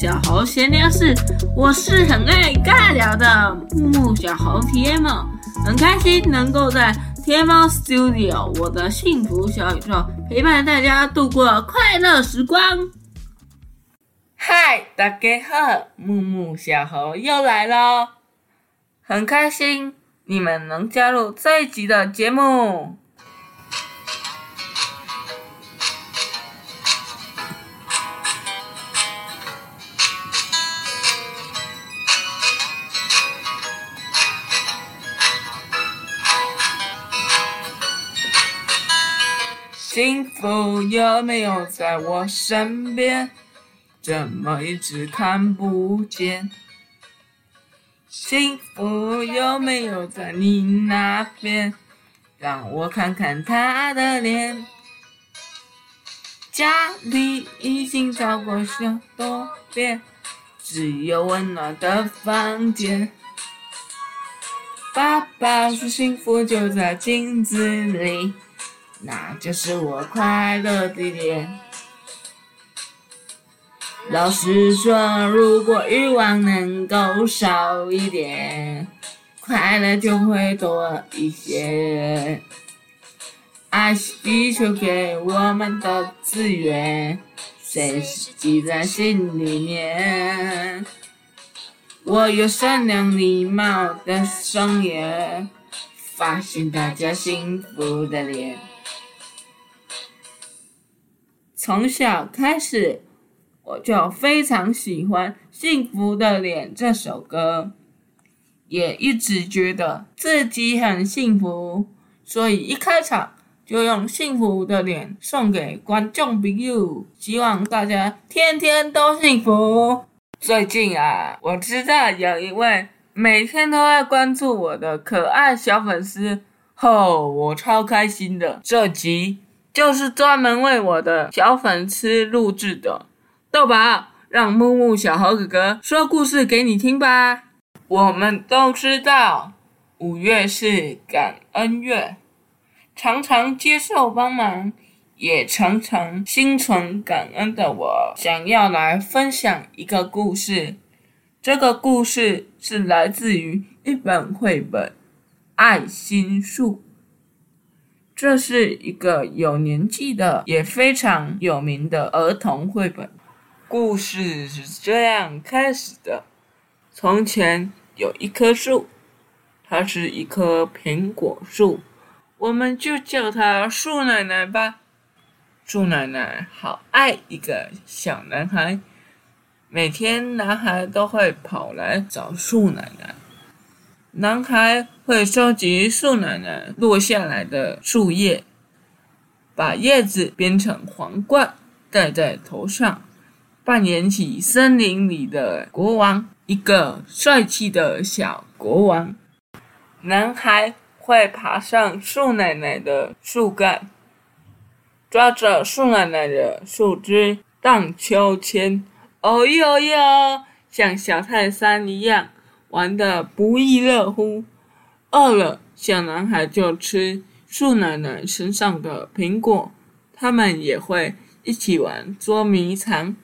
小猴閒聊室，我是很愛尬聊的沐沐小猴 TM，很開心能夠在天貓 Studio 我的幸福小宇宙陪伴大家度過快樂時光。嗨，大家好，沐沐小猴又來了，很開心你們能加入這一集的節目。幸福有沒有在我身邊？怎麼一直看不見？幸福有沒有在你那邊？讓我看看他的臉。家裡已經找過許多遍，只有溫暖的房間。爸爸說，幸福就在鏡子裡。那就是我快樂的一點。老實說，如果慾望能夠少一點，快樂就會多一些。愛惜地球給我們的資源，隨時記在心裡面。我用善良禮貌的雙眼，發現大家幸福的臉。從小開始，我就非常喜歡《幸福的臉》這首歌，也一直覺得自己很幸福，所以一開場就用《幸福的臉》送給觀眾朋友，希望大家天天都幸福。最近啊，我知道有一位每天都在關注我的可愛小粉絲，吼我超開心的這集，就是專門為我的小粉絲錄製的，豆寶，讓沐沐小猴哥哥說故事給你聽吧。我們都知道，五月是感恩月，常常接受幫忙，也常常心存感恩的我，想要來分享一個故事。這個故事是來自於一本繪本《愛心樹》。這是一個有年紀的，也非常有名的兒童繪本，故事是這樣開始的：從前有一棵樹，它是一棵蘋果樹，我們就叫它樹奶奶吧。樹奶奶好愛一個小男孩，每天男孩都會跑來找樹奶奶。男孩會收集樹奶奶落下來的樹葉，把葉子編成皇冠戴在頭上，扮演起森林裡的國王，一個帥氣的小國王。男孩會爬上樹奶奶的樹幹，抓着樹奶奶的樹枝蕩秋千，哦喲哦喲，像小泰山一樣。玩得不亦樂乎，餓了，小男孩就吃樹奶奶身上的蘋果，他們也會一起玩捉迷藏，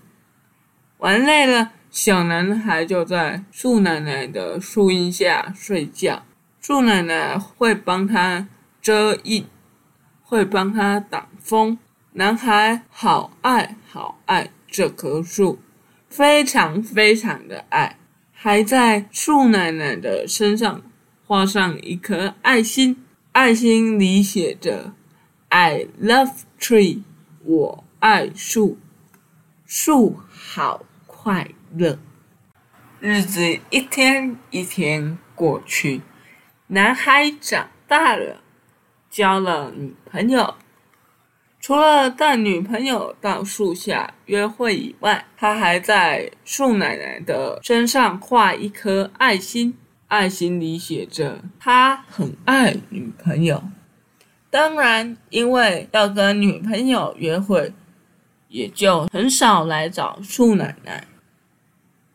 玩累了，小男孩就在樹奶奶的樹蔭下睡覺，樹奶奶會幫他遮蔭，會幫他擋風，男孩好愛好愛這棵樹，非常非常的愛。還在樹奶奶的身上畫上一顆愛心，愛心裡寫着 “I love tree”，我愛樹，樹好快樂。日子一天一天過去，男孩長大了，交了女朋友。除了帶女朋友到樹下約會以外，他還在樹奶奶的身上畫一顆愛心，愛心裡寫着“他很愛女朋友”。當然，因為要跟女朋友約會，也就很少來找樹奶奶。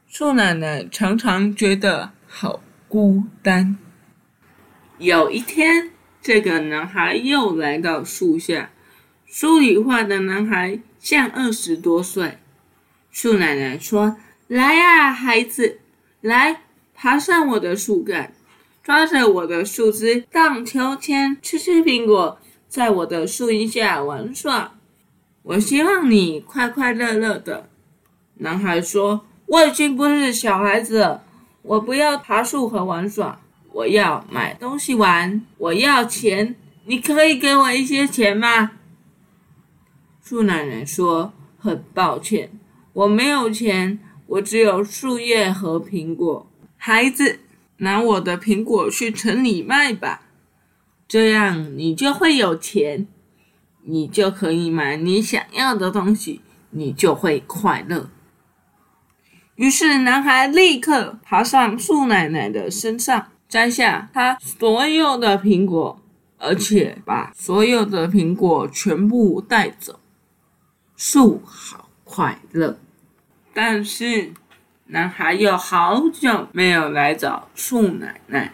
樹奶奶常常覺得好孤單。有一天，這個男孩又來到樹下。書裡畫的男孩像二十多歲。樹奶奶說：“來呀、啊，孩子，來爬上我的樹幹，抓着我的樹枝盪秋千，吃吃蘋果，在我的樹蔭下玩耍。我希望你快快樂樂的。”男孩說：“我已經不是小孩子了，我不要爬樹和玩耍，我要買東西玩，我要錢。你可以給我一些錢嗎？”樹奶奶說：“很抱歉，我沒有錢，我只有樹葉和蘋果。孩子，拿我的蘋果去城裡賣吧，這樣你就會有錢，你就可以買你想要的東西，你就會快樂。”於是，男孩立刻爬上樹奶奶的身上，摘下他所有的蘋果，而且把所有的蘋果全部帶走。樹好快樂，但是男孩有好久沒有來找樹奶奶，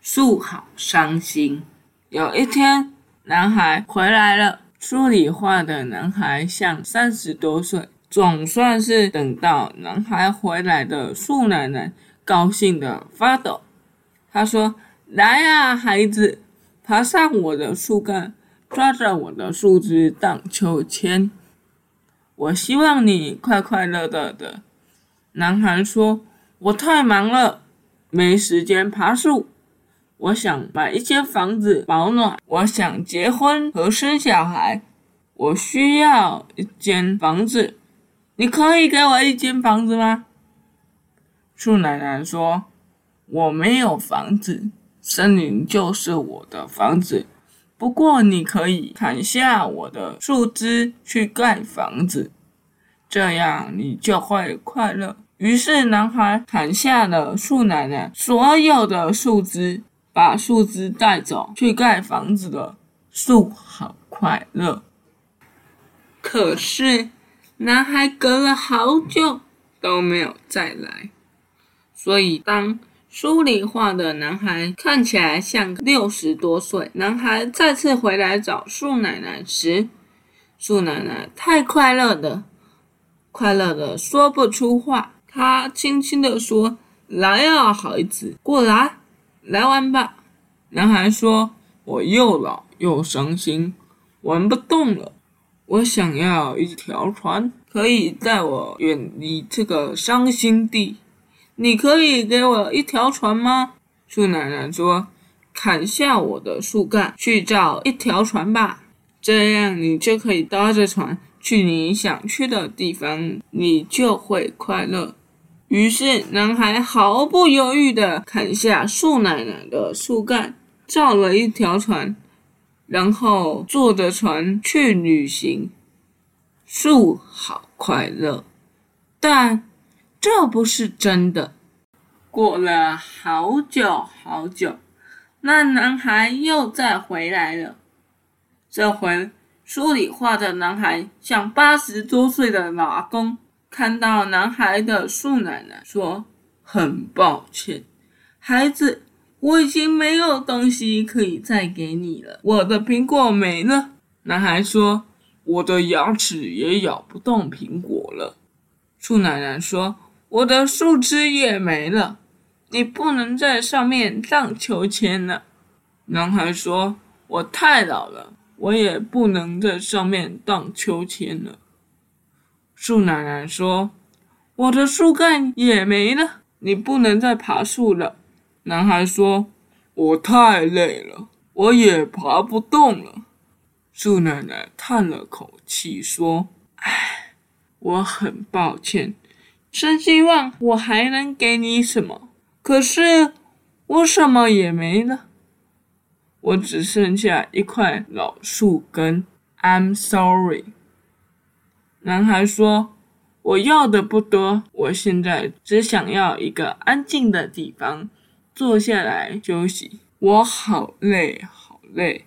樹好傷心。有一天，男孩回來了，書裡畫的男孩像三十多歲。總算是等到男孩回來的樹奶奶高興的發抖。他說：“來呀、啊，孩子，爬上我的樹幹。”抓着我的樹枝盪秋千，我希望你快快樂樂的。男孩說：“我太忙了，沒時間爬樹。我想買一間房子保暖，我想結婚和生小孩，我需要一間房子。你可以給我一間房子嗎？”樹奶奶說：“我沒有房子，森林就是我的房子。”不過，你可以砍下我的樹枝去蓋房子，這樣你就會快樂。於是，男孩砍下了樹奶奶所有的樹枝，把樹枝帶走去蓋房子了，樹好快樂。可是，男孩隔了好久都沒有再來，所以當。書裡畫的男孩看起來像六十多歲。男孩再次回來找樹奶奶時，樹奶奶太快樂的，快樂的說不出話。她輕輕地說：“來呀，孩子，過來，來玩吧。”男孩說：“我又老又傷心，玩不動了。我想要一條船，可以帶我遠離這個傷心地。”你可以給我一條船嗎？樹奶奶說：“砍下我的樹幹，去造一條船吧，這樣你就可以搭着船去你想去的地方，你就會快樂。”於是，男孩毫不猶豫地砍下樹奶奶的樹幹，造了一條船，然後坐着船去旅行。樹好快樂，但……這不是真的。過了好久好久，那男孩又再回來了。這回，書裡畫的男孩，像八十多歲的老公，看到男孩的樹奶奶說：“很抱歉，孩子，我已經沒有東西可以再給你了。我的蘋果沒了。”男孩說：“我的牙齒也咬不動蘋果了。”樹奶奶說。我的樹枝也沒了，你不能在上面盪秋千了。男孩說：“我太老了，我也不能在上面盪秋千了。”樹奶奶說：“我的樹幹也沒了，你不能再爬樹了。”男孩說：“我太累了，我也爬不動了。”樹奶奶嘆了口氣說：“唉，我很抱歉。”真希望我還能給你什麼，可是我什麼也沒了，我只剩下一塊老樹根。I'm sorry。男孩說：“我要的不多，我現在只想要一個安靜的地方，坐下來休息。我好累，好累。”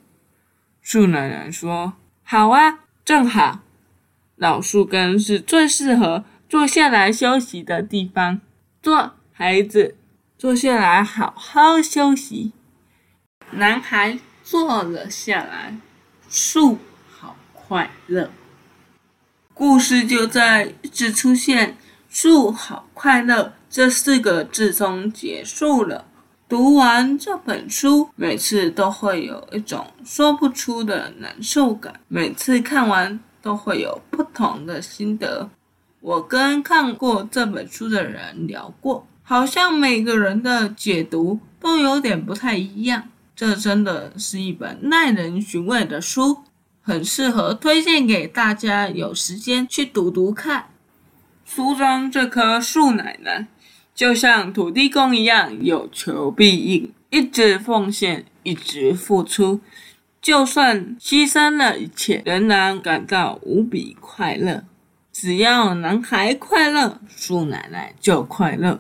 樹奶奶說：“好啊，正好，老樹根是最適合。”坐下來休息的地方，坐，孩子，坐下來好好休息。男孩坐了下來。樹好快樂。故事就在一直出現“樹好快樂”這四個字中結束了。讀完這本書，每次都會有一種說不出的難受感，每次看完都會有不同的心得。我跟看過這本書的人聊過，好像每個人的解讀都有點不太一樣。這真的是一本耐人尋味的書，很適合推薦給大家，有時間去讀讀看。書中這棵樹奶奶，就像土地公一樣，有求必應，一直奉獻，一直付出，就算犧牲了一切，仍然感到無比快樂。只要男孩快樂，樹奶奶就快樂。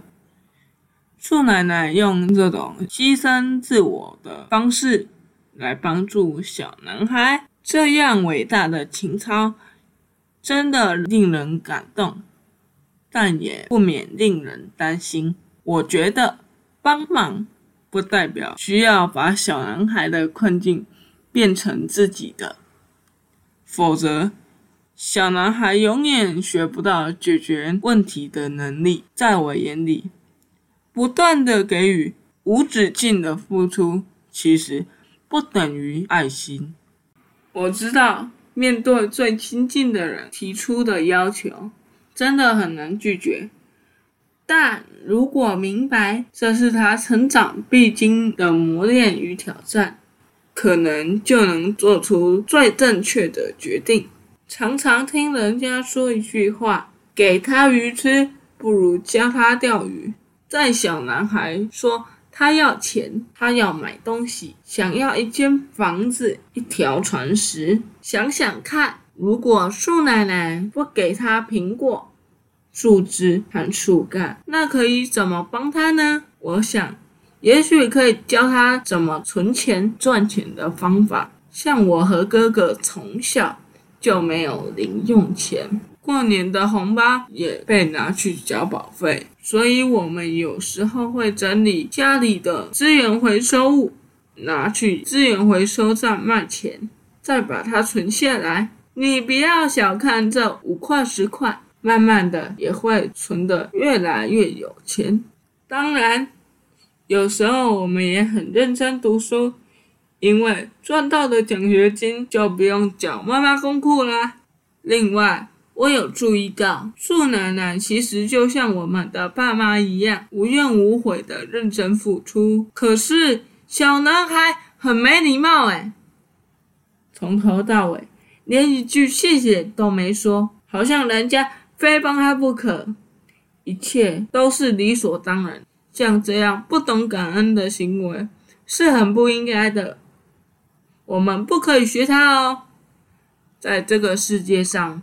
樹奶奶用這種犧牲自我的方式來幫助小男孩，這樣偉大的情操真的令人感動，但也不免令人擔心。我覺得，幫忙不代表需要把小男孩的困境變成自己的，否則。小男孩永遠學不到解決問題的能力，在我眼裡，不斷的給予、無止境的付出，其實不等於愛心。我知道，面對最親近的人提出的要求，真的很難拒絕。但如果明白這是他成長必經的磨練與挑戰，可能就能做出最正確的決定。常常聽人家說一句話：“給他魚吃，不如教他釣魚。”在小男孩說他要錢，他要買東西，想要一間房子、一條船時，想想看，如果樹奶奶不給他蘋果、樹枝和樹幹，那可以怎麼幫他呢？我想，也許可以教他怎麼存錢、賺錢的方法。像我和哥哥從小。就沒有零用錢，過年的紅包也被拿去繳保費，所以我們有時候會整理家裡的資源回收物，拿去資源回收站賣錢，再把它存下來。你不要小看這五塊十塊，慢慢的也會存得越來越有錢。當然，有時候我們也很認真讀書。因為賺到的獎學金就不用繳媽媽功課啦。另外，我有注意到樹奶奶其實就像我們的爸媽一樣，無怨無悔的認真付出。可是小男孩很沒禮貌哎，從頭到尾連一句謝謝都沒說，好像人家非幫他不可，一切都是理所當然。像這樣不懂感恩的行為是很不應該的。我們不可以學他哦，在這個世界上，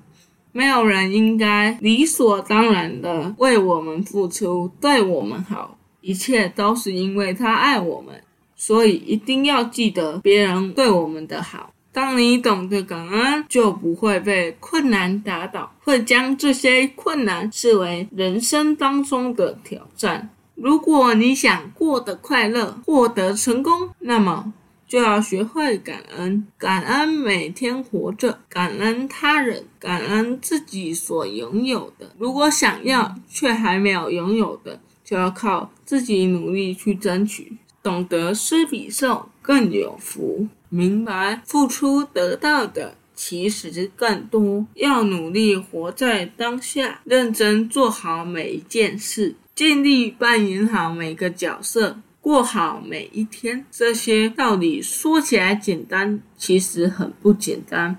沒有人應該理所當然的為我們付出、對我們好，一切都是因為他愛我們，所以一定要記得別人對我們的好。當你懂得感恩，就不會被困難打倒，會將這些困難視為人生當中的挑戰。如果你想過得快樂、獲得成功，那麼，就要學會感恩，感恩每天活着，感恩他人，感恩自己所擁有的。如果想要卻還沒有擁有的，就要靠自己努力去爭取。懂得施比受更有福，明白付出得到的其實更多。要努力活在當下，認真做好每一件事，盡力扮演好每個角色。過好每一天。這些道理說起來簡單，其實很不簡單。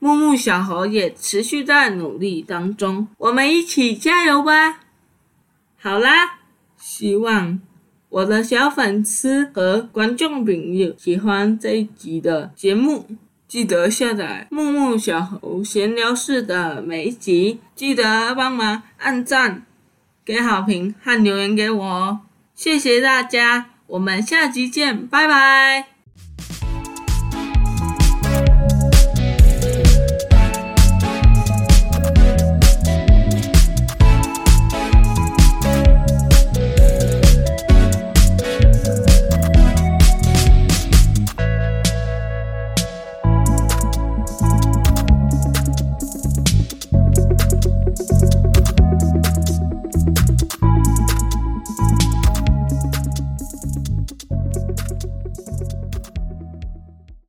沐沐小猴也持續在努力當中，我們一起加油吧！好啦，希望我的小粉絲和觀眾朋友喜歡這一集的節目，記得下載沐沐小猴閒聊室的每一集，記得幫忙按讚、給好評和留言給我哦。謝謝大家，我們下集見，拜拜。